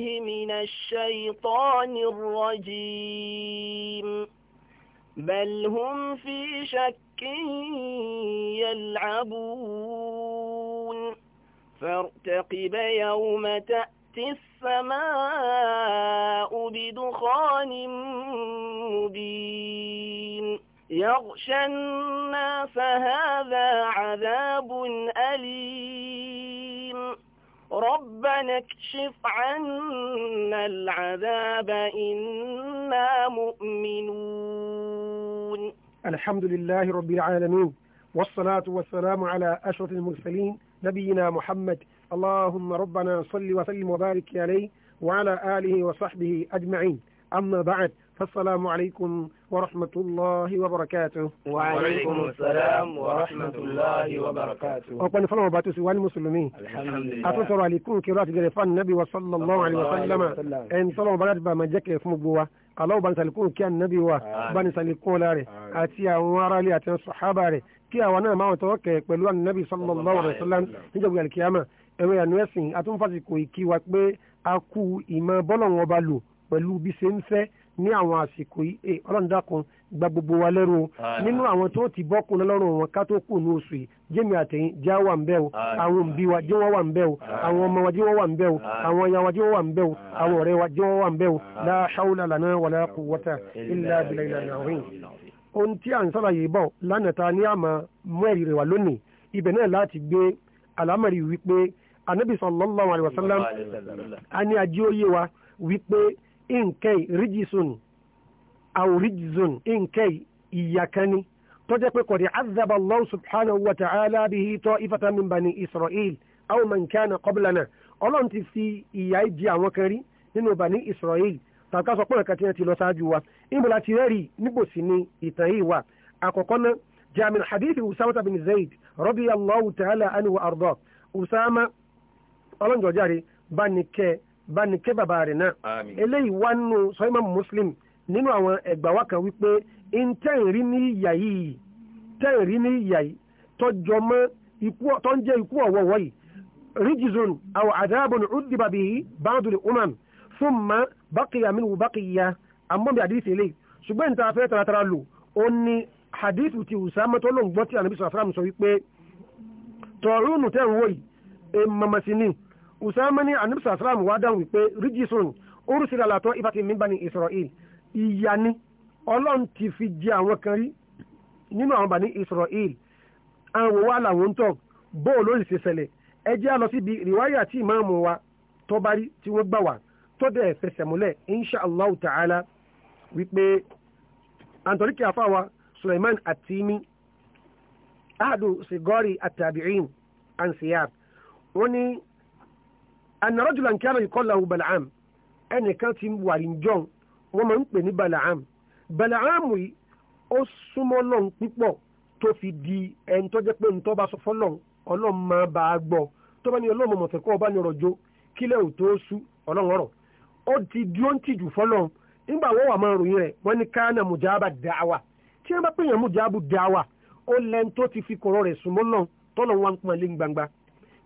الله من الشيطان الرجيم بل هم في شك يلعبون فارتقب يوم تأتي السماء بدخان مبين يغشى الناس هذا عذاب أليم ربنا اكشف عنا العذاب إنا مؤمنون الحمد لله رب العالمين والصلاة والسلام على أشرف المرسلين نبينا محمد اللهم ربنا صل وسلم وبارك عليه وعلى آله وصحبه أجمعين أما بعد فالسلام عليكم ورحمة الله وبركاته وعليكم السلام ورحمة الله وبركاته وقال فلما باتوا سوى المسلمين الحمد لله أتوتر عليكم كرات جرفان النبي صلى الله عليه وسلم إن صلى الله عليه وسلم جاك يفمبوا aláwọ̀ bani salikun kí anabi wa bani salikun láre àti àwọn aráàlú àti sọ̀hábà rẹ̀ kí àwọn náà máa tọwọ́ kẹ̀ pẹ̀lú anabi sallallahu alaihi wasallam níjọba alikiyama ẹ̀rọ ìyànú ẹ̀sìn atúnfàsíkò ìkí wa pé a kú ìmọ̀ bọ́lọ̀ wọn ba lò pẹ̀lú bí ṣe ń fẹ́ ní àwọn àsìkò yìí eh, ọlọ́run dákun gba gbogbo wa lẹ́rù o nínú àwọn tó ti bọ́kùn lọ́rùn wọn ká tó kù ní oṣù yìí jẹ́mi àtẹ̀yìn já wà ń bẹ̀ o àwọn òbí wa jẹ́ wọ́n wà ń bẹ̀ o àwọn ọmọ wa jẹ́ wọ́n wà ń bẹ̀ o àwọn ọya wa jẹ́ wọ́n wà ń bẹ̀ o àwọn ọ̀rẹ́ wa jẹ́ wọ́n wà ń bẹ̀ o la hawla lana wala quwwata illa billahi al-azim ohun tí à ń sàlàyé bọ̀ lánàá ta ní àmà mú ẹ̀rí rẹ̀ wà lónìí ibẹ̀ sallallahu alayhi wa sallam a ní nkẹ́yì ríjìsùn àwòríjìsùn nkẹ́yì ìyàkánni tó jẹ́ pé kọ̀dí azaba allah subhanahu wa ta'ala bihi ta'ifatan min bani israel aw man kana qablana ọlọ́run ti fi ìyà ìjì àwọn kan rí nínú bani israel tàbí ká sọ pé nǹkan tí wọ́n ti lọ ṣáájú wa ìmọ̀lá ti rẹ́rì níbòsí ni ìtàn yìí wà àkọ́kọ́ náà جامع حديث أسامة بن زيد رضي الله تعالى عنه وأرضاه أسامة ألنجو جاري باني كي bá ní ké bàbá rẹ̀ náà eléyìí wá nínú sọ́yìnmọ́ muslim nínú àwọn ẹ̀gbà wa kan wípé ntẹ́ẹ̀rí ní ìyà yìí tẹ́ẹ̀rí ní ìyà yìí tọ́jọ́ mọ́ tó ń jẹ́ ikú ọ̀wọ́wọ́ yìí rijizun aw adabun uddiba bihi ba'dul umam thumma baqiya minhu baqiya àmọ́ bí àdìsí eléyìí ṣùgbọ́n ìta afẹ́ taratara lò ó ní hadithu ti Usama tó lóun gbọ́ tí ànábì sọ̀rọ̀ fúnra mi sọ wípé usama ní anabi sàlám wá dáhùn wípé rígísùn orúsìlẹ̀ àlàtọ́ ìfàtí min bani israel ìyà ni ọlọ́run ti fi jẹ àwọn kan rí nínú àwọn bani israel àwọn òwò àlàwò ń tọ̀ bóò lórí ṣe ṣẹlẹ̀ ẹ jẹ́ lọ síbi rìwáyà tí ìmáàmù wa tó bá rí tí wọ́n gbà wá insha allah ta'ala wípé antoriki afáwa suleiman atimi ahadu sigori atabi'in ansiyar wọ́n àna rọ́jùlá nke a na kọ́lá balaam ẹnìkan ti wà ní john wọ́n máa ni pè ní balaam balaam yìí ó súnmọ́ lọ́n púpọ̀ fi di ẹni tó jẹ́ pé ntọ́ bá sọ fọ́lọ́n ọlọ́run máa bá a gbọ́ tó bá ní ọlọ́run mọ̀tẹ́ kọ́ ọba ní ọ̀rọ̀ jo kílẹ̀ ò tó sú ọlọ́run ọ̀rọ̀ ó ti dúró ń tìjú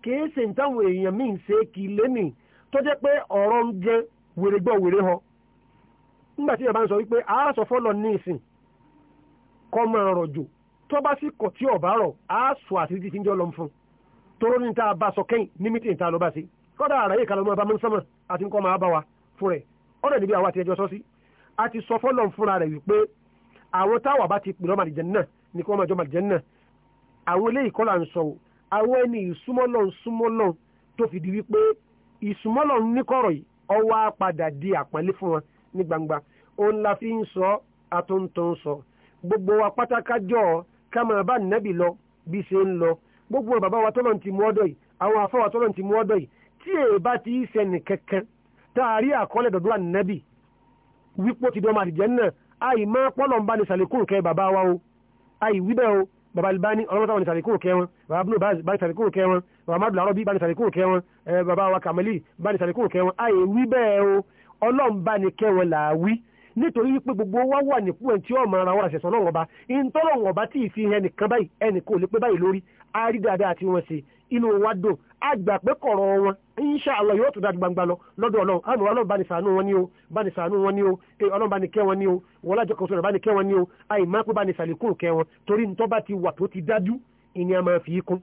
kìí ṣe táwọn èèyàn míì ń ṣe kì í lénìí tó jẹ́ pé ọ̀rọ̀ ń jẹ wèrè gbọ́ wèrè hàn nígbà tí ìyàbá ń sọ wípé àásọ fọlọ ní ìsìn kọ́ máa rọ̀ jò tó bá sì kọ̀ tí ọ̀bá rọ̀ àásọ àti títí ń jọ lọ́n fún un tóró ní tá a bá sọ kẹ́yìn ní mítìn tá a lọ bá sí kọ́dà àrà yìí kalọ́mọ́ bá mọ́ àti nǹkan máa bá wa fún rẹ̀ ọ̀rẹ́ níbi àwa àti sọ́sí a ti sọ fọ́lọ́n fúnra rẹ̀ wípé àwọn táwa bá ti pè lọ́màdìjẹ́ náà ní kí wọ́n máa jọ màdìjẹ́ náà àwọn eléyìí kọ́ là ń sọ àwọn ẹni ìsúmọ́lọ̀ ìsúmọ́lọ̀ tó fi di wípé ìsúmọ́lọ̀ níkọ̀rọ̀ yìí ọwọ́ padà di àpọ́nlé fún wọn ní gbangba òun la fi ń sọ àtúntún sọ gbogbo wa pátákájọ kámẹ́rà bá nẹ́bì lọ bí ṣe ń lọ gbogbo bàbá wa tọ́lọ̀ ti mú ọdọ̀ yìí àwọn afọ́wà tọ́lọ̀ ti mú ọdọ̀ yìí tí èyí bá ti í sẹ́ni kankan táàrí àkọọ́lẹ̀ dọ̀dọ̀ ànẹ́bì wípé ó ti dọ́mọ àdìjẹ́ náà àì máa pọ́lọ̀ ń bá ní sàlékún kẹ́ bàbá wa o àì wíbẹ̀ o baba albani ọlọ́mọ táwọn ní tàbí kúrò kẹwọn baba abúlé bá ní tàbí kúrò kẹwọn baba amadu arọbí bá ní tàbí kúrò kẹwọn baba wa kamali bá ní tàbí kúrò kẹwọn àyè wí bẹ́ẹ̀ o ọlọ́run bá ní kẹwọn là á wí nítorí wípé gbogbo wa wà nípò ẹni tí ó ara wa ṣẹ̀sán lọ́wọ́ ọba ìtọ́lọ́wọ́ ọba tí ì fi hàn nìkan báyìí ẹnì kò lè pé báyìí lórí á rí dáadáa tí wọ́n inú wa dùn á pé kọ̀rọ̀ wọn insha allah yóò tún dájú gbangba lọ lọ́dọ̀ ọlọ́run àmì ọlọ́run bá ní ṣàánú wọn ni o bá ní ṣàánú wọn ni o eh, ọlọ́run bá ní kẹ́ wọn ni o wọn lájọ kan sọ̀rọ̀ bá ní kẹ́ wọn ni o àì máa pé bá ní ṣàlékún kẹ́ wọn torí nítorí bá ti wà tó ti dájú ìní a máa fi kún.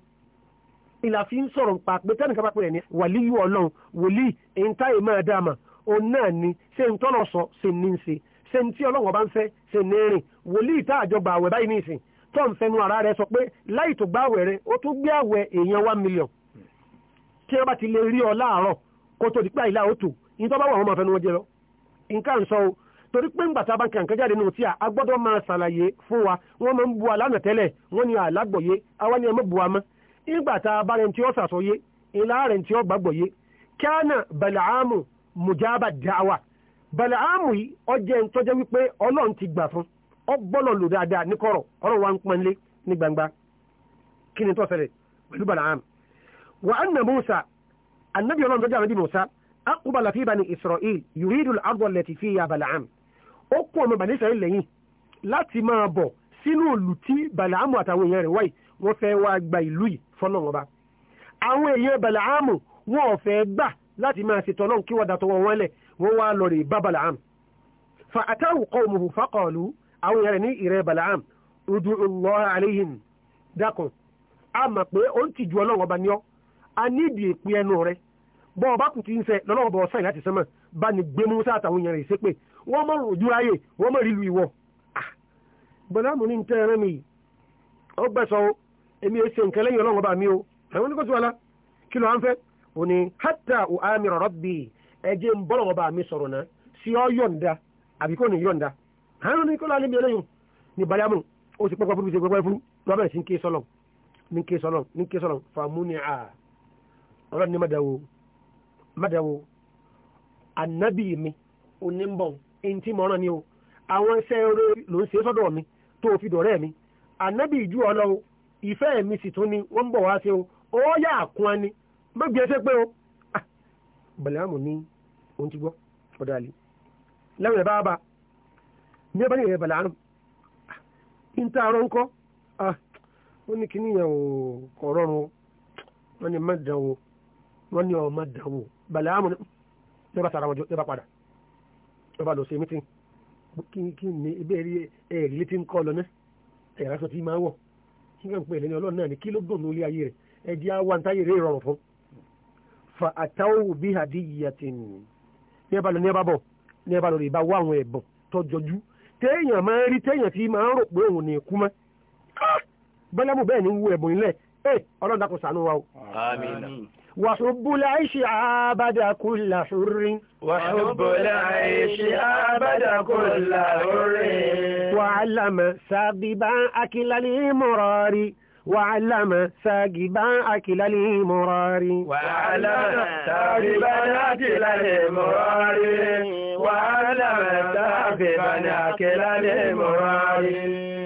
ìlà fi ń sọ̀rọ̀ pa pé tẹ́nìkan bá pè ní wàlíyù ọlọ́run wòlíì ìntà yìí máa dá àmà òun náà ni ṣé ń tọ́nà sọ ṣe ní ń ṣe ṣe ń tí ọlọ́run ọba ń fẹ́ ṣe ní rìn wòlíì tá àjọgbà àwẹ̀ báyìí ní ìsìn tó ń fẹnu ara rẹ sọ pé láì one million tí ọba ti lè rí ọ láàárọ̀ kó tó di pé àìlà ní tó bá wà wọ́n máa fẹnu wọn jẹ lọ. nǹkan sọ o torí pé ńgbà tá a bá àǹkan jáde nínú tí a gbọ́dọ̀ máa ṣàlàyé fún wa wọn máa ń bu alánà tẹlẹ wọn àwa ni ọmọ bu wa mọ́ ìgbà tá a bá rẹ̀ tí ó ṣàṣọyé ìlà rẹ̀ tí ó gbàgbọ̀yé kíánà bàlàámù mùjábà dáwà bàlàámù yìí ọjẹ́ ń tọ́jẹ́ wípé ti gbà fún ọ wa ń pọnlé ní gbangba kí ni tó bàlàámù wà á nà Musa anabi ọlọ́run tó jẹ́ ànábì Musa aqbala fi bani Israel yuridul ardu allati fiha Bala'am ó kó ọmọ bani Israel lẹ́yìn láti máa bọ̀ sínú ìlú tí Bala'amu àtàwọn èèyàn rẹ̀ wáyì wọ́n fẹ́ wá gba ìlú yìí fọ́nà wọn bá àwọn èèyàn Bala'amu wọn ò fẹ́ gbà láti máa ṣètò ọlọ́run kí wọ́n dàtọ̀ wọn wọ́n lẹ̀ wọ́n wá lọ rè bá Bala'am fa atahu qawmuhu faqalu àwọn èèyàn rẹ̀ ní ìrẹ́ Bala'am udu Allah alayhim dákun a mọ̀ pé ó ń tìjú ọlọ́run ọba ní ọ́ a nídìí ìpín ẹnu rẹ bọ́ ọba kù ti ń fẹ́ lọ́lọ́wọ́ bọ̀ ọ̀sán láti sánmọ̀ bá ní gbé musa àtàwọn èèyàn rẹ̀ ṣépè wọ́n mọ̀ ojú ayé wọ́n mọ̀ rí lu ìwọ. Ah! ní mi yìí ó gbẹ̀sọ̀ o èmi ò ṣe nǹkan lẹ́yìn bá mi o àwọn oníkóso wàlá kí ló à ń fẹ́ ní hátà á mi rọ̀rọ̀ bì í bá mi sọ̀rọ̀ náà sí ọ yọ̀ǹda àbí kò ní yọ̀ǹda àwọn oníkóso ọlọ́run ní mọ́dàwó mọ́dàwó ànábì mi onímbọ̀ ẹni tí mo rán ni o àwọn iṣẹ́ eré ló ń ṣe sọ́dọ̀ mi tó fi dọ̀rẹ́ mi ànábì ìjú ọlọ́ o ìfẹ́ mi sì tún ni wọ́n ń bọ̀ wá sí o ó yà á kún ẹni bó gbé ẹsẹ̀ pé o ah, bàlámù ní òun ti gbọ́ ọ̀dà àlè lẹ́wọ̀n ẹ̀ bá bá ní ẹbá ní ìrẹ̀ bàlámù ah, ń tà àrọ́ ńkọ́ ah, wọ́n ní kíní yẹn kò rọrùn wọ́n ní mẹ́dàn o wọ́n ní ọmọ dànwó balẹ̀ àmú ní bá sara wọn jọ ní bá padà ní bá lọ sí mítìn kí ni ibẹ̀ rí ẹ̀rí létí ń kọ́ lọ ná ẹ̀rá sọ tí máa wọ̀ kí n pè lẹ́ni ọlọ́run náà ni kí ló dùn lórí ayé rẹ̀ ẹ jẹ́ àwọn àǹtáyé rẹ̀ rọrùn fún. fa àtàwọ̀ bí hadiyatin ní ẹ bá lọ ní ẹ bá bọ̀ ní ẹ bá lọ rí ìbá wá àwọn ẹ̀bùn tọ́jọ́jú téèyàn máa ń rí téèyàn tí máa ń rò pé òun ní ikú mọ́ bọ́lámù Eh, ọlọ́run dákun ṣàánú wa o. وحب العيش عبد كل حر وحب العيش عبد كل حر وعلم ساقبا أكل مراري وعلم ساقبا أكل مراري وعلم ساقبا أكل مراري وعلم ساقبا أكل مراري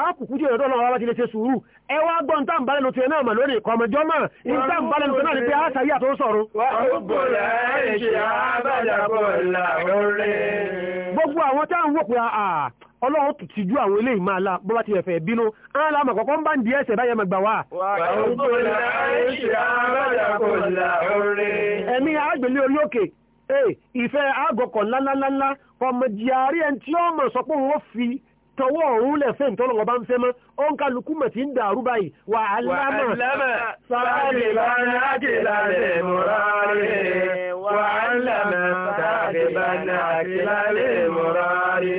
àákùkú jẹ́ ìrọ̀dọ́ lọ́wọ́ ti lè ṣe sùúrù ẹ wá gbọ́ ń tàn balẹ̀ e lótìẹ̀ náà mà lórí ìkọmọjọ́ mà ń tàn balẹ̀ lótìẹ̀ e náà ni pé àṣà yíyà tó ń sọ̀rọ̀. gbogbo àwọn tí a ń wò pé àà ọlọ́run tù ti ju àwọn ilé ìmọ̀ àlá bó bá ti ẹ̀fẹ̀ bínú án la mọ̀ kọ̀kọ́ ń bá ń di ẹsẹ̀ báyẹ̀ mẹ́gbà wá. ẹ̀mí àgbèlé orí òkè ìfẹ́ àgọ́kọ̀ ńláńláńlá kọmọdìyàrí ẹni tí ó mọ̀ sọ pé òun fi sọwọ́ òun lẹ̀ fẹ́ ìtọ́lọ̀wọ́ bá ń fẹ́ mọ́ ó ń kálukú mọ̀ tí ń dàrú báyìí wà á lámà sáàdì lánà àkìlà lè mùrárì wà á lámà sáàdì lánà àkìlà lè mùrárì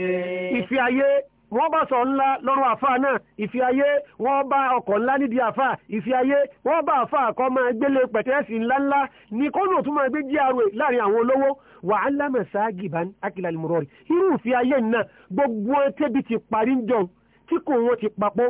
ìfi ayé wọ́n bá sọ ńlá lọ́rùn àfà náà ìfi ayé wọ́n bá ọkọ̀ ńlá nídìí àfà ìfi ayé wọ́n bá àfà àkọ́ máa gbélé pẹ̀tẹ́ẹ̀sì ńláńlá ní kọ́nù tó máa gbé gra láàrin àwọn olówó wàhálà mẹ́sàágì bá akílà lè mọ̀rọ̀ rí irú ìfi ayé náà gbogbo tẹ́bi ti parí ń jọ tí kò wọ́n ti papọ̀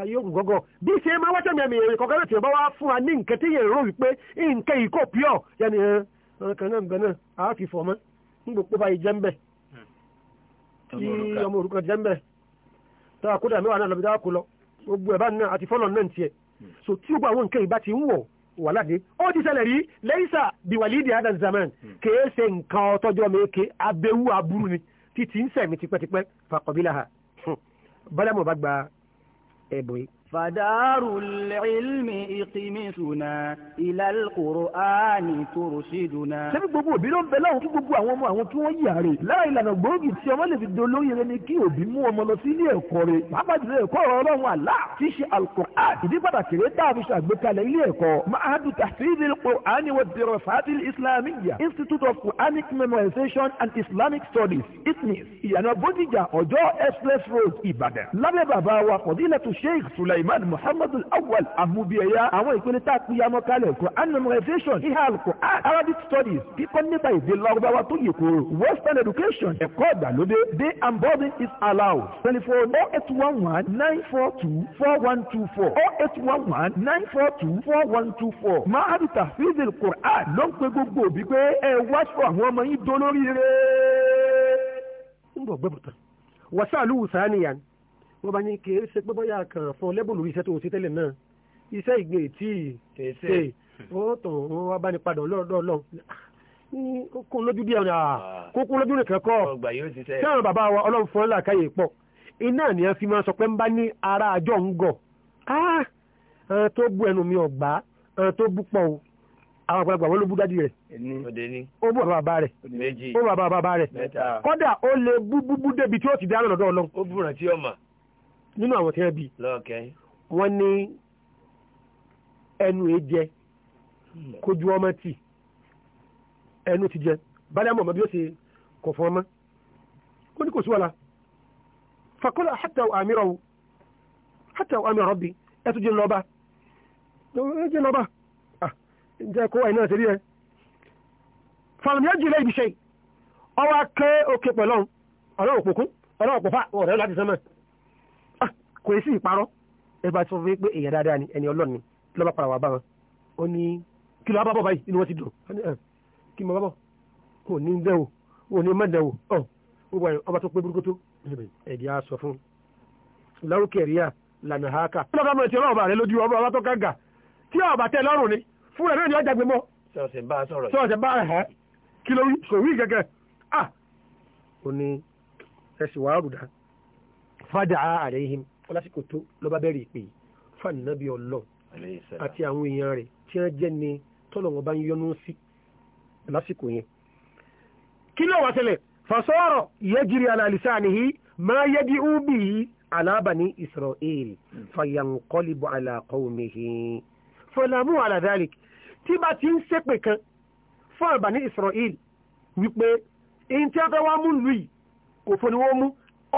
ayé òkú gọ́gọ́ bí ṣe máa wá tẹ̀mí ẹ̀mí èrè kọ̀ọ̀kan tí ó bá wá fún wa ní nǹkan tí yẹn rò wípé nǹkan yìí kò pure yẹn ẹ̀rọ kan náà ń bẹ náà àá fi fọ̀ mọ́ ń gbòpó báyìí jẹ́ ń hmm. ọmọ òrukàn jẹ́ ń bẹ̀ tá a kódà mẹ́wàá náà lọ́bi dáwà kó lọ gbogbo ẹ̀ bá náà àti fọ́lọ̀ náà tiẹ̀ hmm. so tí o bá àwọn nǹkan ìbá ti ń wọ̀ wà láde ó ti ṣẹlẹ̀ rí lẹ́yìnsà biwalidi adam zaman hmm. kèé ṣe nǹkan ọtọ́jọ́ mẹ́ẹ̀kẹ́ abẹ́wú aburú ni títí ń sẹ̀mí tipẹ́tipẹ́ fàkọ̀bílà ha bálẹ̀ mo bá gba February فدار العلم اقمتنا إلى القرآن ترشدنا. ṣebí gbogbo òbí ló ń bẹ láwọn kí gbogbo àwọn ọmọ àwọn tí wọ́n yà rè láì ìlànà gbòógì tí ọmọ lè fi di olóyè rẹ ni kí òbí mú ọmọ lọ sí ilé ẹ̀kọ́ rẹ̀ pàápàá jùlọ ẹ̀kọ́ ọ̀rọ̀ ọlọ́run àlá tí ṣe alukur'an ìdí pàtàkì rẹ̀ dáàbí ṣàgbékalẹ̀ ilé ẹ̀kọ́ mahadu tahfidil qur'ani wa dirasatil islamiyya institute of quranic memorization and islamic studies itnis ìyànà bódìjà ọjọ́ express road ìbàdàn lábẹ́ bàbá wa fọ̀dílẹ̀ tó sheikh sulaiman Suleiman Al Awal Amubiya àwọn ìpele tá a kú yamọ kalẹ̀ kọ anamoralization ihà Al-Qur'an Arabic studies kíkọ́ nípa èdè lọ́gbàwá tó yẹ kóró Western education ẹ̀kọ́ ìgbàlódé day and boarding is allowed telephone oh eight one one nine four two four one two four oh eight one one nine four two four one two four mahadu tafizil Qur'an ló ń pe gbogbo òbí pé ẹ wá sọ àwọn ọmọ yín dolóríire. ń bọ̀ gbẹ́bùtà wàsálù wùsàn nìyàn wọ́n bá ní kì í ṣe pé bóyá kàn fún lẹ́bùn lórí iṣẹ́ tó ṣe tẹ́lẹ̀ náà iṣẹ́ ìgbé tí ì ṣe ó tàn wọ́n wá bá ní padà lọ́dọ̀ lọ kó lójú bí ọ̀nà ah. kó kó lójú nìkan kọ́ sáwọn bàbá wa ọlọ́run fún ọlá káyè pọ̀ iná ni a fi máa sọ pé ń bá ní ara àjọ ń gọ̀ àwọn ah! tó bú ẹnu mi ọ̀gbá àwọn tó bú pọ̀ o àwọn àgbàlagbà wọn ló bú dádì rẹ̀ ó bú bàbá rẹ̀ ó bú bàbá rẹ̀ kódà ó lè bú bú bú débi tí ó ti dáná lọ́dọ̀ ọlọ́run ó bú rántí ọmọ nínú àwọn tí wọ́n bí wọ́n ní ẹnu ẹ jẹ hmm. kójú ọmọ tì ẹnu ti jẹ bálẹ̀ mọ̀ bí ó ṣe kọ̀ fún ọmọ ó ní kò sí wàlá fàkọ́lá hátà àmìrọ̀ hátà àmìrọ̀ bí ẹ tún jẹ́ lọ́ba ẹ jẹ́ lọ́ba ah, ǹjẹ́ kó àìní àti rí ẹ fàmì ẹjì ilé ibiṣẹ́ ọwọ́ akẹ́ òkè pẹ̀lọ́run ọlọ́run òpókún ọlọ́run òpófà ọ̀rẹ́ láti sánmà kò sí ìparọ́ ẹ bá sọ fún mi pé èèyàn dáadáa ni ẹni ọlọ́ọ̀ni lọ́ba padà wà bá wọn ó ní kí ló wá bábọ̀ báyìí inú wọn ti dùn kí mo bábọ̀ kò ní dẹ́ o ò ní mẹ́dẹ̀ o ọ̀ gbogbo ẹ̀ ọba tó pé burúkú tó ẹ̀dí á sọ fún lárúkẹ̀ ríà lànà àáká. lọ́ba mọ̀ ti ọlọ́ọ̀bà rẹ lójú ọba tó kága tí ọba tẹ lọ́rùn ni fún ẹ̀ náà ọjà gbé mọ́. a sọ̀rọ̀ yìí sọ̀ọ̀sẹ̀ bá a hàn kí ló wí sòwí gẹ́gẹ́ ah ó ní ẹ̀sìn wàá rùdà fàdà lásìkò tó lọ́ba bẹ̀rẹ̀ ìpè fún ànábì ọlọ́ àti àwọn èèyàn rẹ̀ tí wọ́n jẹ́ ni tọ́lọ̀ wọn bá ń yọnu sí lásìkò yẹn. kí ló wá ṣẹlẹ̀ fasọ́rọ̀ yẹ́gìrì alàlìsá nìyí máa yẹ́gì úbì yìí alábàní Israel fàyàǹkọ́lìbọ̀ alàkọ́wùmíhì fọlámù alàdálì tí bá ti ń ṣépè kan fún àbàní Israel wípé ìyìn tí mú lùi kò fòníwó mú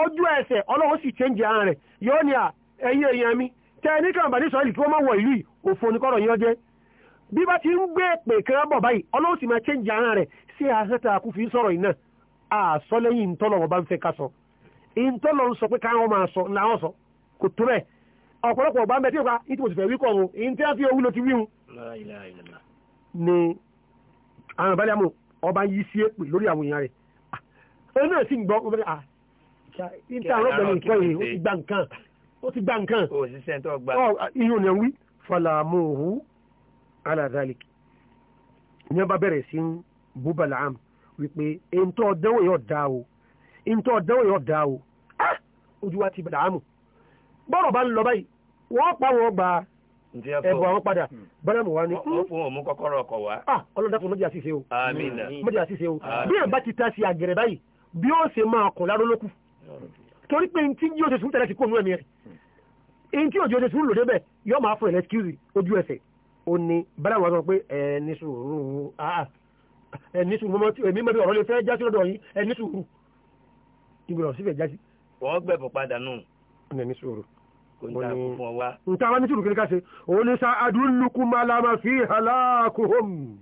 ojú ẹsẹ̀ ọlọ́run sì chẹ́ǹjì àárẹ̀ yóò ní à ẹ̀yin èèyàn mi tẹ ní kàǹbà ní sọ́ọ̀lì kí wọ́n má wọ ìlú yìí òfò ní kọ́rọ̀ yín bí bá ti ń gbé pè kan bọ̀ báyìí ọlọ́run sì máa chẹ́ǹjì ara rẹ̀ sí a fi sọ̀rọ̀ lẹ́yìn bá ń fẹ́ ká sọ ìtọ́lọ̀ sọ pé káwọn sọ sọ kò tó ọ̀pọ̀lọpọ̀ ń bẹ tí ìtì a fi owó lo níta àwọn ọ̀gbẹ́ni ìkọ́ yìí ó falamu hu aladalik ní ọba bẹ̀rẹ̀ sí bú balaam wípé ntọ́ ọ̀dẹ́wò yóò dá o ntọ́ ọ̀dẹ́wò yóò dá o ojú ti balaamu bọ́rọ̀ bá ń lọ báyìí wọ́n pa wọn gba ẹ̀bùn àwọn padà balaam hmm. wa ni. ọ̀fun hmm. òmu kọ́kọ́rọ́ ọkọ̀ wa. ọlọ́dàkùn mọ́jà ṣiṣẹ́ o mọ́jà ṣiṣẹ́ o bí ẹ̀ bá ti ta sí àgẹ̀rẹ̀ báyìí bí ó ṣe máa kọ̀ lárólókù torí pé ntí yóò ṣe sùúrù tẹ̀lé ti kó òun ẹ̀mí rẹ̀ ntí òjò ṣe sùúrù lòdì bẹ́ẹ̀ yóò máa fún ẹ̀ lẹ́skúzì ojú ẹsẹ̀ ó ní bẹ́ẹ̀ wọ́n sọ pé ẹ ní sùúrù ẹ ní sùúrù mọ́mọ́ èmi mọ́ bí ọ̀rọ̀ lè fẹ́ jásí lọ́dọ̀ yín ẹ ní sùúrù ìgbìmọ̀ síbẹ̀ jásí. wọ́n gbẹ̀bọ̀ padà nù. ẹ ní sùúrù nta ṣe òun sa adúlùkú malama fi halakuhum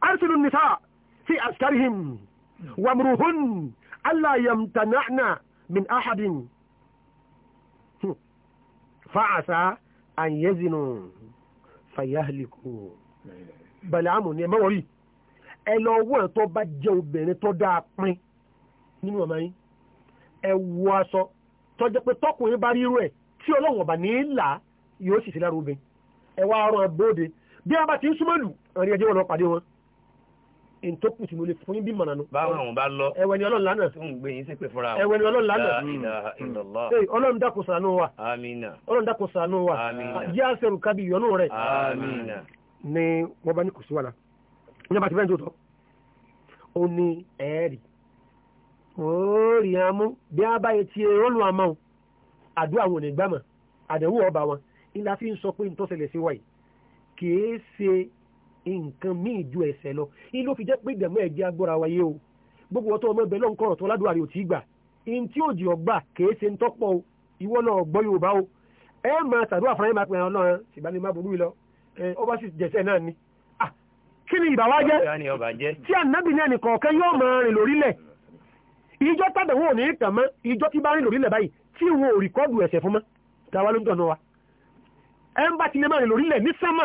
arsilu nisa fi askarihim wamruhun Allah yamtana'na min ahadin fa'asa an yazinu fayahliku balamu ni ẹmọ wọ̀rí ẹ lọ wọ́n tó bá jẹ́ obìnrin tó dáa pín nínú ọmọ yín ẹ wọ aṣọ tó jẹ́ pé tọkùnrin bá rírú ẹ̀ tí ọlọ́wọ̀n ọba ní ìlà yóò sì sí lára obìnrin ẹ wá rán bí a bá ti ń súnmọ́lù àrí ẹjẹ́ wọn pàdé wọn ntọ́kù tí mo lè fún yín bí mọ̀nà nù. báwọn àwọn bá lọ ẹwẹ ni ọlọ́run lánàá. tó ń gbé yín ṣépè fúnra wọn. ẹwẹ ni ọlọ́run lánàá. ilaha ọlọ́run dákun wa. amina. ọlọ́run dákun ṣàánú wa. amina. jẹ́ àṣẹrù kábí ìyọnú rẹ̀. amina. ni wọ́n bá ní kò sí wàhálà ní abàtí bẹ́ẹ̀ ń tòótọ́ ó ní ẹ̀ẹ́rì òórì amú bí a bá yẹ nǹkan míì ju ẹ̀ṣẹ̀ lọ ilé ó fi jẹ́ pé dẹ̀mọ́ ẹ̀jẹ̀ agbóra wáyé o gbogbo ọtọ́ ọmọ ẹbẹ̀ lọ́nkọ̀rọ̀ tó ládùúrà rẹ̀ ò tí gbà in tí òjì ọgbà kèé ṣe ń tọ́pọ̀ o ìwọ náà gbọ́ Yorùbá o ẹ máa tàdúrà fún ẹ máa pè ọ́nà ṣìbáni má burú lọ ọba sì jẹ̀sẹ̀ náà ni. Ah, kí ni ìbáwá jẹ́ tí ànábì náà nìkan ọ̀kẹ́ yóò máa rìn lórílẹ̀ ìjọ tàbẹ̀wò ò ní kàn mọ́ ìjọ tí bá rìn lórílẹ̀ báyìí tí wọn ò rìkọ́dù ẹ̀ṣẹ̀ fún mọ́ tàwa ló ń dọ̀nà wa ẹ ń bá ti rìn lórílẹ̀ ní sánmà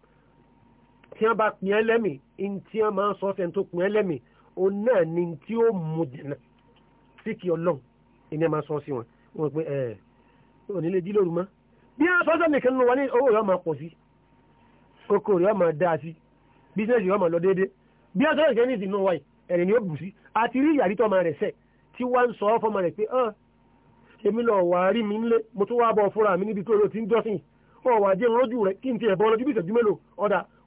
tí wọ́n bá pín ẹ́ lẹ́mì in tí wọ́n máa ń sọ fẹ́ tó pín ẹ́ lẹ́mì òun náà ni tí ó mú jìnnà sí kí ọlọ́run ìní máa sọ sí wọn wọn pé ẹ onílé dí lóru mọ́ bí wọ́n sọ sẹ́mi kan nínú wọn ní owó rẹ̀ máa pọ̀ sí kókó rẹ̀ máa dáa sí bísíǹsì rẹ̀ máa lọ déédé bí wọ́n sọ sẹ́mi kan ní ìsìn náà wáyé ẹ̀rìn ni ó bù sí àti rí ìyàrí tó máa rẹ̀ sẹ̀ tí wọ́n ń sọ fọ́mọ rẹ̀ pé èmi lọ wà á rí mi ńlé mo tún wá bọ̀ fúnra mi níbi tó ló ti ń jọ́sìn ọ̀wà jẹun lójú rẹ̀ kí n ti ẹ̀bọ lójú bí ìṣẹ́jú mélòó ọ̀dà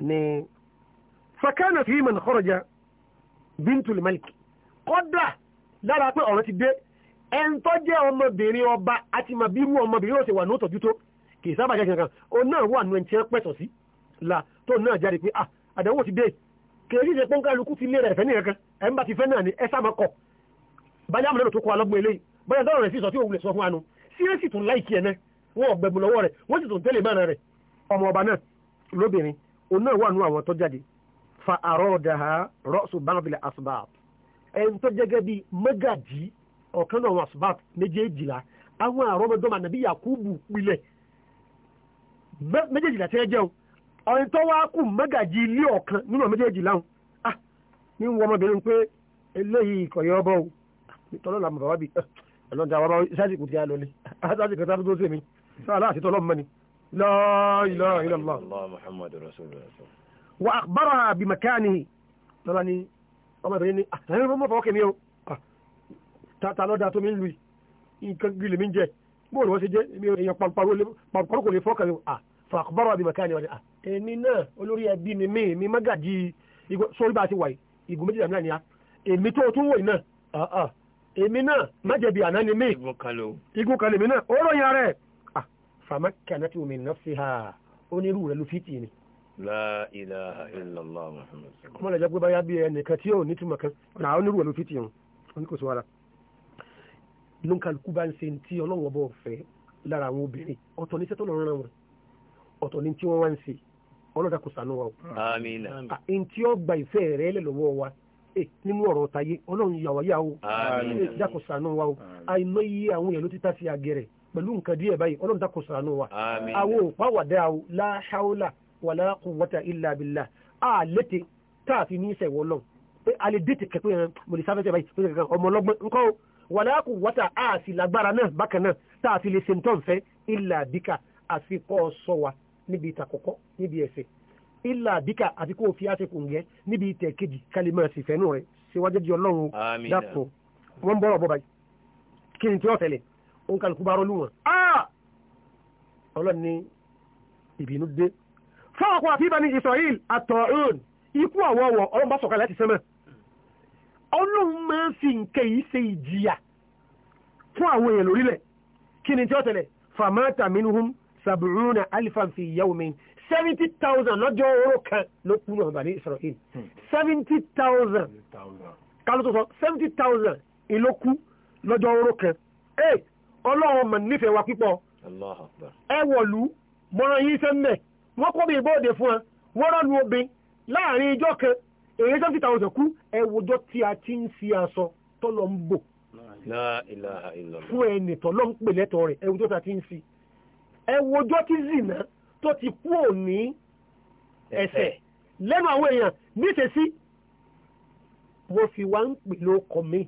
ní fakana fi man kharaja bintul malik kọ́dà lára pé ọ̀rọ̀ ti dé ẹn tó jẹ́ ọmọbìnrin ọba àti mà bí mú ọmọbìnrin yóò ṣe wà ní òtọ́jú tó kì í sábà jẹ́ kankan ó náà wà nù ẹni tí wọ́n pẹ̀sọ̀ sí la tó náà jáde pé ah àdánwò ti dé kì í ṣe pọ́nká lukú ti lé rẹ̀ fẹ́ ní kankan ẹ̀ ń bá ti fẹ́ náà ni ẹ sá máa kọ̀ báyà mọ̀ lẹ́nu tó kọ́ alọ́gbọ́n eléyìí báyà dọ́rọ̀ rẹ̀ sì sọ tí òun lè sọ fún anu síyẹ́sì tún láìkí ẹ̀ náà wọ́n ọ̀gbẹ̀mù lọ́wọ́ rẹ̀ wọ́n sì tún tẹ́lẹ̀ mọ́ra rẹ̀ ọmọ ọba náà lóbìnrin òun náà wà nù àwọn tó jáde fa àrọ́ọ̀dàhà rọ́ọ̀sù báńbìlì asbat ẹni tó jẹ́gẹ́ bíi mẹ́gàjì ọ̀kan náà wọn asbat méjèèjìlá àwọn àrọ́mọdọ́mọ yakubu pilẹ̀ méjèèjìlá tẹ́ jẹun ọ̀yìn tó wá kù mẹ́gàjì ilé ọ̀kan nínú méjèèjìlá wọn ah ní wọn ọmọbìnrin pé eléyìí ìkọ̀yọ́ o tọ́lọ́ làmọ̀ bàbá bíi wọn eh, a lọ sáàsì لا إله إلا الله الله محمد رسول الله وأخبرها بمكانه lọ́lání ọmọbìnrin ni àtàrí ah, mọ́ fọwọ́kẹ́ mi o ah, tààtà lọ́dà tó mi ń lu nǹkan gílè mi ń jẹ bóòlù wọ́n ṣe jẹ́ èèyàn pàpàrọ̀ kò lè fọ́kàn mi à fàkùbọ́rọ̀ àbí màkà ni wọ́n ni à èmi náà olórí ẹbí ni mí mi má gàdí sórí bá a ti wà yìí ìgò méjìlá náà ni a èmi tó tún wò yìí náà ah, èmi náà má jẹ̀bi àná ni mí igun kan lèmi náà ó ròyìn ara rẹ̀ famakkanatu min nafsiha onírú rẹ̀ ló fìtì ni. La ilaha illallah Muhammad. Ọmọ ìlàjà pé báyá bí ẹnìkan tí yóò nítumọ̀ kan náà onírú ẹ̀ ló fi ti hàn oníkò sí wàrà. Ló ń kálukú bá ń ṣe tí ọlọ́run ọba ọ̀fẹ́ lára àwọn obìnrin ọ̀tọ̀ ní sẹ́tọ̀ lọ́rùn wọn ọ̀tọ̀ ní tí wọ́n wá ń ṣe ọlọ́dà kò sànú wa o. Àmín. Ẹni tí ó gba ìfẹ́ rẹ̀ lẹ̀ lọ́wọ́ wa nínú ọ̀rọ̀ tayé ọlọ́run yàwáyà o. Àmín. Ẹni tí ó gba ìfẹ́ rẹ̀ lẹ̀ lọ́wọ́ wa pẹ̀lú nǹkan díẹ̀ báyìí ọlọ́run dákò sàánú wa àwọn òpá wàdá o la hawla wala quwwata illa billah a létè táàfin ní ìṣẹ̀wọ̀ lọ pé a lè dètè kẹ́kọ́ yẹn mo lè sáfẹ́sẹ̀ báyìí ọmọ ọlọ́gbọ́n nǹkan o wala quwwata a sì lágbára náà bákan náà táàfin lè ṣe ń tọ́n fẹ́ illa bika àfi kọ́ sọ wa níbi ìtàkọ́kọ́ níbi ẹ̀sẹ̀ illa ń kálukú bá rọ́lù wọn. Ah! ọlọ́run ní ìbínú dé. fáwọn ọkọ̀ àti ìbáni Israel àtọ̀rún ikú àwọ̀wọ̀ ọlọ́run bá sọ̀kalẹ̀ láti sẹ́mẹ̀. ọlọ́run máa ń fi nǹkan yìí ṣe ìjìyà fún àwọn èèyàn lórílẹ̀ kí ni tí ó tẹ̀lẹ̀ famata minhum sabruna alifan fi seventy thousand lọ́jọ́ oró kan ló kú náà bàní Israel hmm. seventy thousand kálótó sọ seventy thousand ìlókù lọ́jọ́ oró kan ọlọ́run mọ̀ nífẹ̀ẹ́ wa pípọ̀ ẹ wọ̀lú mọ́ra yín sẹ́ mẹ́ wọ́n kọ́ bí ìbọ́ọ̀dẹ̀ fún ẹ wọ́n rọ́nu obìn láàrin ijọ́ kan èyí tó ń fìtà ọ̀sẹ̀ kú ẹ wòjọ́ tí a ti ń fi aṣọ tọ́lọ ń bò fún ẹnì tọ́lọ́ ń pè lẹ́tọ̀ rẹ̀ ẹ wòjọ́ tí a ti ń fi ẹ wòjọ́ tí zìnà tó ti kú òní ẹsẹ̀ lẹ́nu àwọn èèyàn níṣẹ́ sí wọ́n fi wá ń pè lóko mi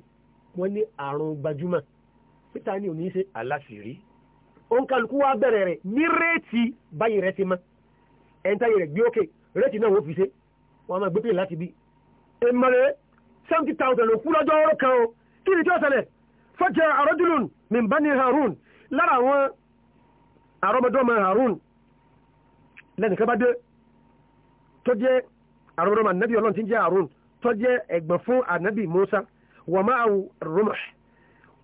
wọ́n ní àrùn gbajúmọ̀ peter ní òní ṣe aláṣìírí òǹkàlùkù wa bẹ̀rẹ̀ rẹ̀ ní réètì báyìí rẹ̀ ti mọ́ ẹ̀ńtàyè rẹ̀ gbé òkè réètì náà wọ́n fi ṣe wọ́n máa gbé pè láti bí ìmọ̀lẹ̀ seventy thousand òkú lọ́jọ́ ọ̀rọ̀ kan o kí ni tí ó ṣẹlẹ̀ fọ́jẹ́ arọ́dúnlùn min bani harun lára àwọn àrọ́mọdọ́mọ harun lẹ́nìkan bá dé tó jẹ́ àrọ́mọdọ́mọ ànábì ọlọ́run ti jẹ́ harun tó jẹ́ ẹ̀gbọ́n fún ànábì musa wà máa rọ́mọ̀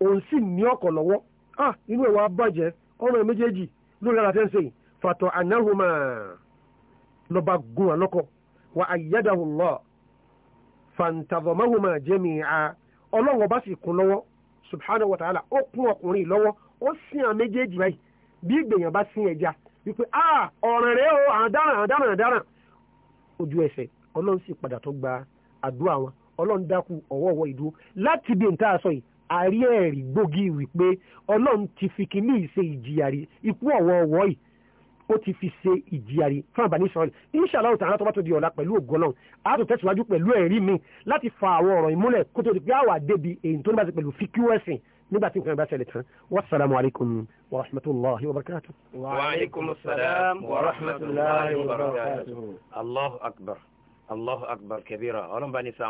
òun sì ní ọkọ̀ lọ́wọ́ ah inú ẹ̀ bàjẹ́ ọmọ méjèèjì lórí ara tẹ́ǹsẹ̀ fàtọ̀ ànáhùnmá lọ́ba gun àlọ́kọ̀ wà lọ jẹ́mi a ọlọ́wọ́ bá sì kún lọ́wọ́ subhanahu wa ta'ala ó kún ọkùnrin lọ́wọ́ ó sì hàn méjèèjì báyìí bí bá sí ẹja wípé ọ̀ràn o àdáràn àdáràn àdáràn ojú ẹsẹ̀ ọlọ́run sì padà tó gba àdúrà wọn ọlọ́run dákú ọ̀wọ́ọ̀wọ́ ìdúró láti n yìí àrí ẹ̀rí gbòógì wípé ọlọ́run ti fi kínní ìṣe ìjìyàrí ikú ọ̀wọ́ọ̀wọ́ yìí ó ti fi ṣe ìjìyàrí fún àbáni sọ̀rọ̀ inṣàlá ọ̀tàn àtọ́bá tó di ọ̀la pẹ̀lú ògọ́lọ́n àtò tẹ̀síwájú pẹ̀lú ẹ̀rí mi láti fa àwọn ọ̀rọ̀ ìmúlẹ̀ kó tó di pé àwà débi èyí tó ní bá ti pẹ̀lú fíkúwẹ́sìn nígbà tí nǹkan bá ṣẹlẹ̀ tán wassalamu alaikum wa rahmatulahi wa barakatu. wa alaikum salam wa rahmatulahi wa barakatu. allahu akbar allahu akbar kabira ọlọ́mọba ní sàn